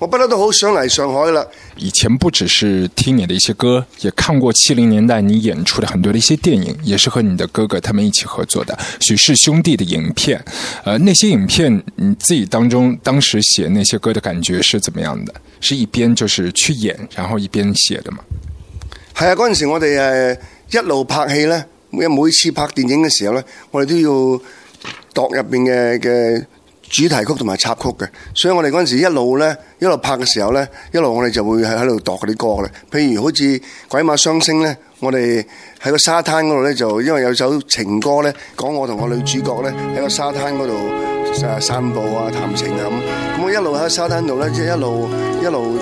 我不嬲都好想嚟上海啦。以前不只是聽你的一些歌，也看過七零年代你演出的很多的一些電影，也是和你的哥哥他們一起合作的許氏兄弟的影片。呃，那些影片你自己當中當時寫那些歌的感覺是怎麼樣的？是一邊就是去演，然後一邊寫的嘛？係啊，嗰陣時我哋誒、呃、一路拍戲呢，每每一次拍電影嘅時候呢，我哋都要度入面嘅嘅。主題曲同埋插曲嘅，所以我哋嗰陣時一路咧，一路拍嘅時候咧，一路我哋就會喺喺度度嗰啲歌咧。譬如好似《鬼馬雙星》咧，我哋喺個沙灘度咧，就因為有首情歌咧，講我同我女主角咧喺個沙灘度誒散步啊、談情啊咁。咁我一路喺沙灘度咧，即係一路一路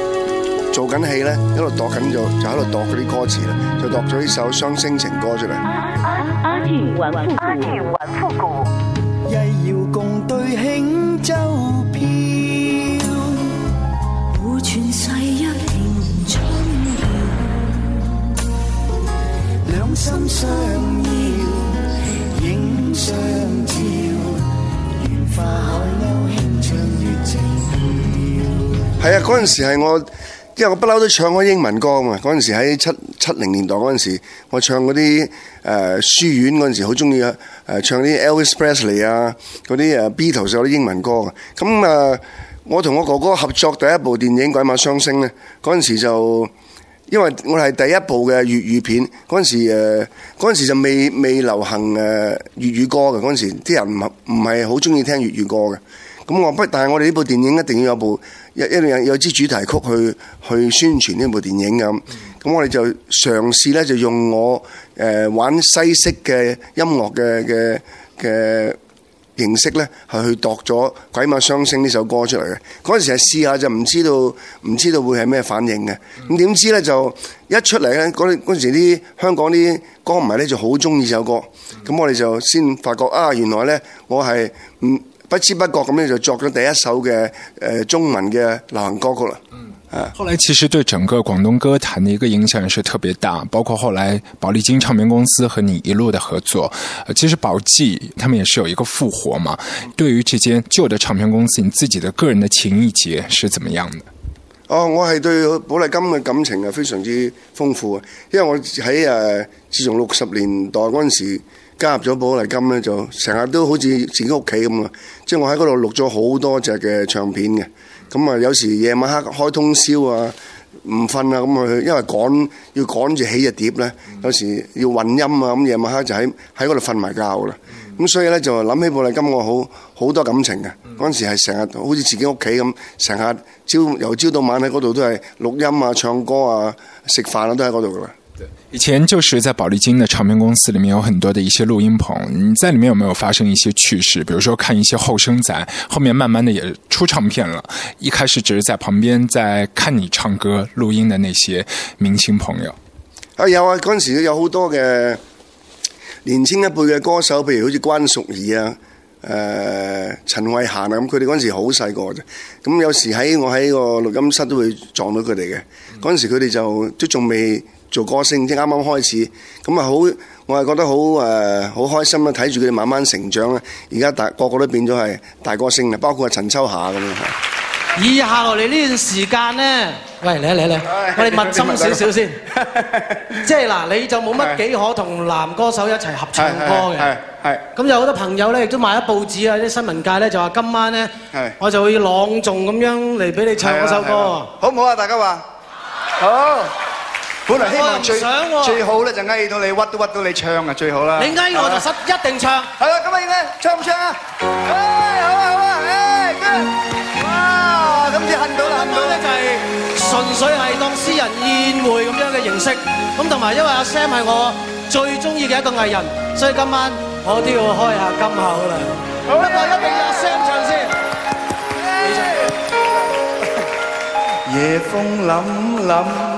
做緊戲咧，一路度緊就就喺度度嗰啲歌詞啦，就度咗呢首雙星情歌出嚟。阿阿俊玩復古，阿俊玩復古，一要共對興。係啊，嗰陣時係我，因為我不嬲都唱開英文歌嘛，嗰陣時喺七七零年代嗰陣時，我唱嗰啲誒書院嗰陣時，好中意誒唱啲 Elvis Presley 啊，嗰啲誒 Beatles 有啲英文歌嘅。咁啊、呃，我同我哥哥合作第一部電影《鬼馬雙星》咧，嗰陣時就因為我係第一部嘅粵語片，嗰陣時誒，嗰陣時就未未流行誒粵語歌嘅，嗰陣時啲人唔唔係好中意聽粵語歌嘅。咁我不但係我哋呢部電影一定要有部，有一一定要有有支主題曲去去宣傳呢部電影咁。嗯。咁我哋就嘗試咧，就用我誒、呃、玩西式嘅音樂嘅嘅嘅形式咧，係去度咗《鬼馬雙星》呢首歌出嚟嘅。嗰陣時係試下就唔知道，唔知道會係咩反應嘅。咁點知咧就一出嚟咧，嗰嗰陣時啲香港啲歌迷咧就好中意首歌。咁我哋就先發覺啊，原來咧我係唔不知不覺咁咧就作咗第一首嘅誒、呃、中文嘅流行歌曲啦。誒，後來其實對整個廣東歌壇的一個影響是特別大，包括後來寶麗金唱片公司和你一路的合作，其實寶記他們也是有一個復活嘛。對於這間舊的唱片公司，你自己的個人的情意結是怎麼樣的？哦，我係對寶麗金嘅感情啊非常之豐富啊，因為我喺誒自從六十年代嗰陣時加入咗寶麗金呢就成日都好似自己屋企咁啊，即係我喺嗰度錄咗好多隻嘅唱片嘅。咁啊，有時夜晚黑開通宵啊，唔瞓啊，咁佢因為趕要趕住起隻碟咧，mm hmm. 有時要混音啊，咁夜晚黑就喺喺嗰度瞓埋覺啦。咁、mm hmm. 所以咧就諗起寶麗金我好好多感情嘅。嗰、mm hmm. 陣時係成日好似自己屋企咁，成日朝由朝到晚喺嗰度都係錄音啊、唱歌啊、食飯啊，都喺嗰度啦。以前就是在寶麗金的唱片公司裏面有很多的一些錄音棚，你在裏面有沒有發生一些趣事？比如說看一些後生仔後面慢慢的也出唱片了，一開始只是在旁邊在看你唱歌錄音的那些明星朋友啊。有啊，嗰陣時有好多嘅年輕一輩嘅歌手，譬如，好似關淑怡啊、誒、呃、陳慧嫻啊，咁佢哋嗰陣時好細個啫，咁有時喺我喺個錄音室都會撞到佢哋嘅，嗰陣時佢哋就都仲未。做歌星即啱啱開始，咁啊好，我係覺得好誒，好開心啦！睇住佢哋慢慢成長啊！而家大個個都變咗係大歌星啦，包括阿陳秋霞咁樣。以下落嚟呢段時間咧，喂嚟啊嚟啊嚟！我哋密斟少少先，即係嗱，你就冇乜幾可同男歌手一齊合唱歌嘅。係係。咁有好多朋友咧，亦都買咗報紙啊，啲新聞界咧就話今晚咧，我就會朗誦咁樣嚟俾你唱嗰首歌，好唔好啊？大家話好。本來希望最最好咧就挨到你屈都屈到你唱啊最好啦！你挨我就一定唱。係啦，咁我應該唱唔唱啊？好啊好啊，誒，哇，今次恨到啦！恨到咧就係純粹係當私人宴會咁樣嘅形式。咁同埋因為阿 Sam 係我最中意嘅一個藝人，所以今晚我都要開下金口啦。好啊，不過一定要阿 Sam 唱先。夜風凜凜。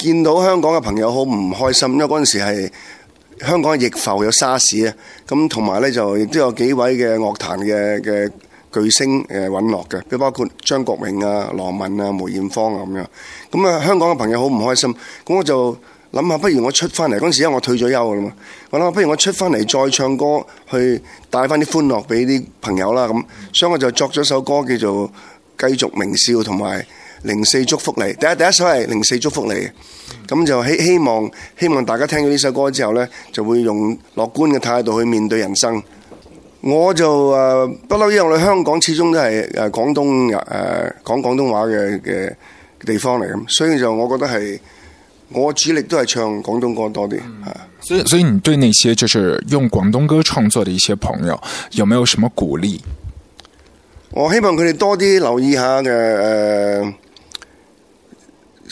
見到香港嘅朋友好唔開心，因為嗰陣時係香港嘅逆浮有沙士，啊，咁同埋咧就亦都有幾位嘅樂壇嘅嘅巨星誒殞落嘅，都包括張國榮啊、羅文啊、梅艷芳啊咁樣。咁啊，香港嘅朋友好唔開心。咁我就諗下，不如我出翻嚟嗰陣時，因為我退咗休啊嘛，我諗下不如我出翻嚟再唱歌，去帶翻啲歡樂俾啲朋友啦咁。所以我就作咗首歌叫做《繼續明笑》同埋，零四祝福你，第一第一首係零四祝福你，咁就希希望希望大家聽到呢首歌之後呢，就會用樂觀嘅態度去面對人生。我就不嬲，呃、因為我香港始終都係誒廣東誒、呃、講廣東話嘅嘅地方嚟咁，所以就我覺得係我主力都係唱廣東歌多啲嚇、嗯。所以所以你對那些就是用廣東歌創作的一些朋友，有沒有什麼鼓勵？我希望佢哋多啲留意下嘅、呃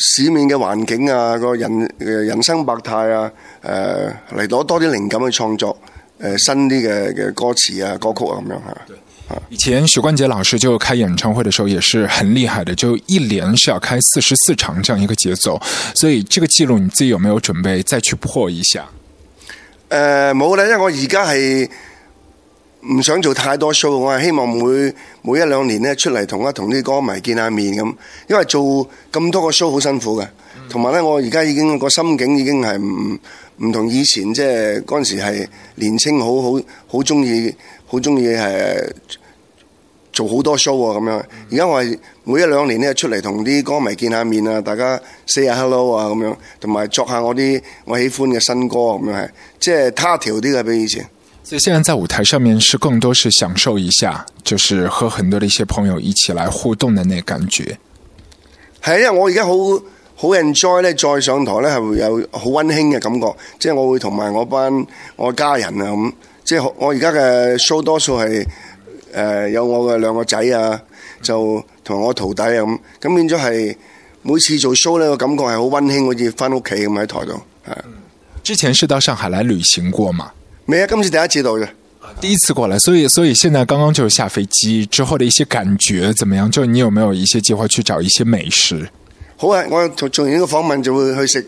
市面嘅環境啊，個人嘅人生百態啊，誒嚟攞多啲靈感去創作誒、呃、新啲嘅嘅歌詞啊，歌曲啊。咁樣吓。對以前許冠傑老師就開演唱會嘅時候，也是很厲害嘅，就一連是要開四十四場這樣一個節奏，所以這個記錄你自己有沒有準備再去破一下？誒、呃，冇啦，因為我而家係。唔想做太多 show，我係希望每每一兩年咧出嚟同一同啲歌迷見下面咁，因為做咁多個 show 好辛苦嘅，同埋咧我而家已經個心境已經係唔唔同以前，即係嗰陣時係年青，好好好中意好中意係做好多 show 啊咁樣，而家我係每一兩年咧出嚟同啲歌迷見下面啊，大家 say 下 hello 啊咁樣同埋作下我啲我喜歡嘅新歌咁樣係即係他條啲嘅，比以前。所以現在在舞台上面是更多是享受一下，就是和很多的一些朋友一起來互動的那感覺。係因為我而家好好 enjoy 咧，再上台咧係會有好溫馨嘅感覺。即係我會同埋我班我家人啊咁，即係我而家嘅 show 多數係誒有我嘅兩個仔啊，就同我徒弟啊咁，咁變咗係每次做 show 咧個感覺係好溫馨，好似翻屋企咁喺台度。係之前是到上海來旅行過嘛？未啊，今次第一次到嘅。第一次過嚟。所以所以現在剛剛就下飛機之後的一些感覺怎麼樣？就你有沒有一些計劃去找一些美食？好啊，我做完呢個訪問就會去食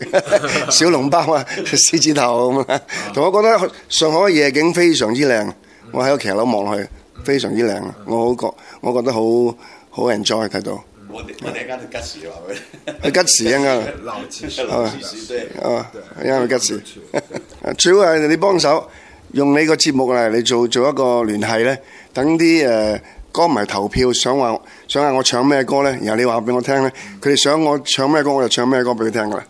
小籠包啊、獅子頭咁啊。同我覺得上海嘅夜景非常之靚，我喺個騎樓望落去非常之靚。我好覺，我覺得好好 enjoy 睇到。我我哋而家吉時話佢，吉時應該。啊，因為吉時，主要係你幫手。用呢個節目嚟你做做一個聯繫呢等啲誒歌迷投票想，想話想嗌我唱咩歌呢？然後你話俾我聽呢佢哋想我唱咩歌，我就唱咩歌俾佢聽噶啦。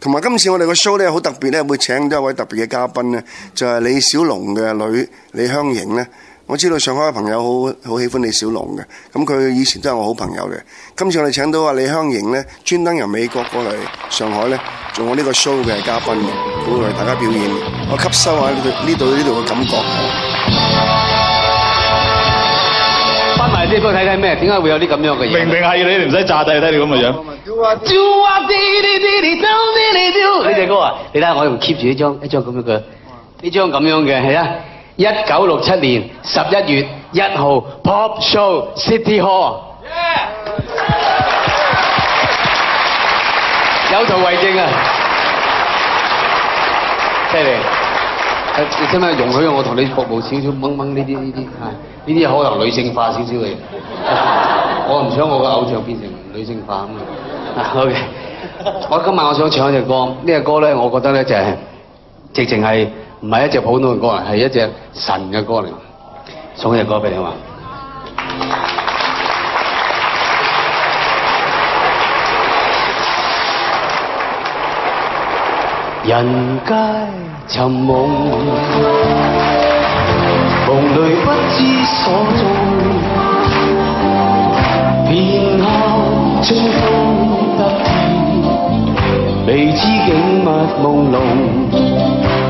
同埋對今次我哋個 show 呢，好特別呢，會請咗一位特別嘅嘉賓呢就係、是、李小龍嘅女李香凝呢。我知道上海嘅朋友好好喜歡李小龍嘅，咁佢以前都係我好朋友嘅。今次我哋請到阿李香凝咧，專登由美國過嚟上海咧，做我呢個 show 嘅嘉賓嘅，會為大家表演。我吸收下呢度呢度呢度嘅感覺。翻埋啲歌睇睇咩？點解會有啲咁樣嘅嘢？明明係你唔使炸低睇你咁嘅樣。呢隻歌啊，你睇下我用 keep 住呢張，一張咁樣嘅，呢張咁樣嘅係啊。一九六七年十一月一號，Pop Show City Hall，有圖為證啊！犀利，啊，你使唔使容許我同你服務少少掹掹呢啲呢啲？係呢啲可能女性化少少嘅嘢，我唔想我嘅偶像變成女性化咁啊！OK，我今晚我想唱一隻歌，呢隻歌咧，我覺得咧就係直情係唔係一隻普通嘅歌嚟，係一隻神嘅歌嚟。送隻歌俾你好嘛。人皆尋夢，夢裏不知所蹤。片刻春風得意，未知景物朦朧。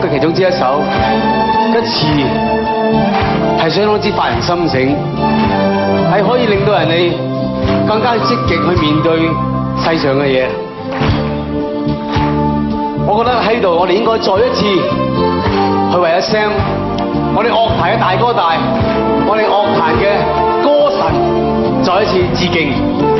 佢其中之一首一詞係相當之發人心醒，係可以令到人哋更加積極去面對世上嘅嘢。我覺得喺度，我哋應該再一次去為阿 Sam，我哋樂壇嘅大哥大，我哋樂壇嘅歌神，再一次致敬。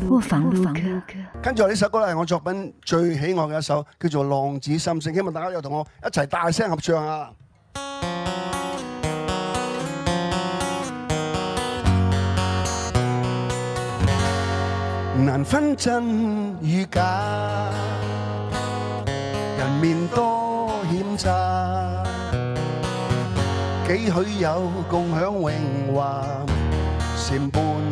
《呼防呼防歌》，跟住呢首歌係我作品最喜愛嘅一首，叫做《浪子心聲》，希望大家又同我一齊大聲合唱啊！難分真與假，人面多險詐，幾許有共享榮華，善伴。